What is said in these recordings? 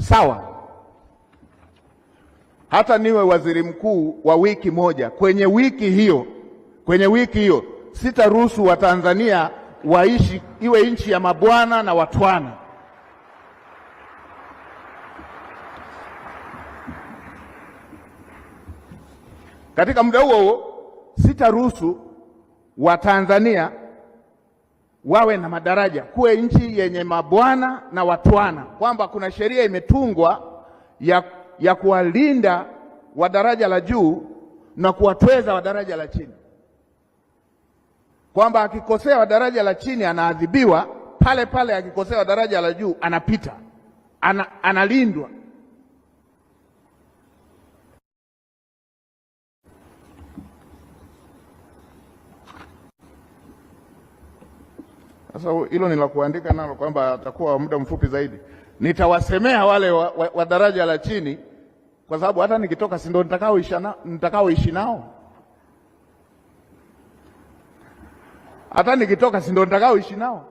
sawa, hata niwe waziri mkuu wa wiki moja, kwenye wiki hiyo, kwenye wiki hiyo sitaruhusu Watanzania waishi iwe nchi ya mabwana na watwana. Katika muda huo huo sitaruhusu Watanzania wawe na madaraja, kuwe nchi yenye mabwana na watwana, kwamba kuna sheria imetungwa ya, ya kuwalinda wa daraja la juu na kuwatweza wa daraja la chini, kwamba akikosea wa daraja la chini anaadhibiwa pale pale, akikosea wa daraja la juu anapita ana, analindwa. Sasa hilo ni la kuandika nalo kwamba atakuwa muda mfupi zaidi. Nitawasemea wale wa, wa, wa daraja la chini, kwa sababu hata nikitoka si ndo nitakaoishi nao, hata nikitoka si ndo nitakaoishi nao,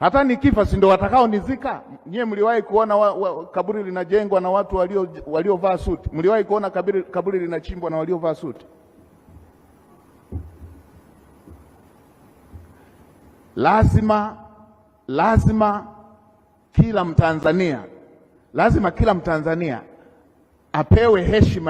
hata nikifa si ndo watakaonizika. Nyie mliwahi kuona wa, wa, kaburi linajengwa na watu waliovaa walio suti? Mliwahi kuona kaburi, kaburi linachimbwa na waliovaa suti? lazima lazima kila Mtanzania lazima kila Mtanzania apewe heshima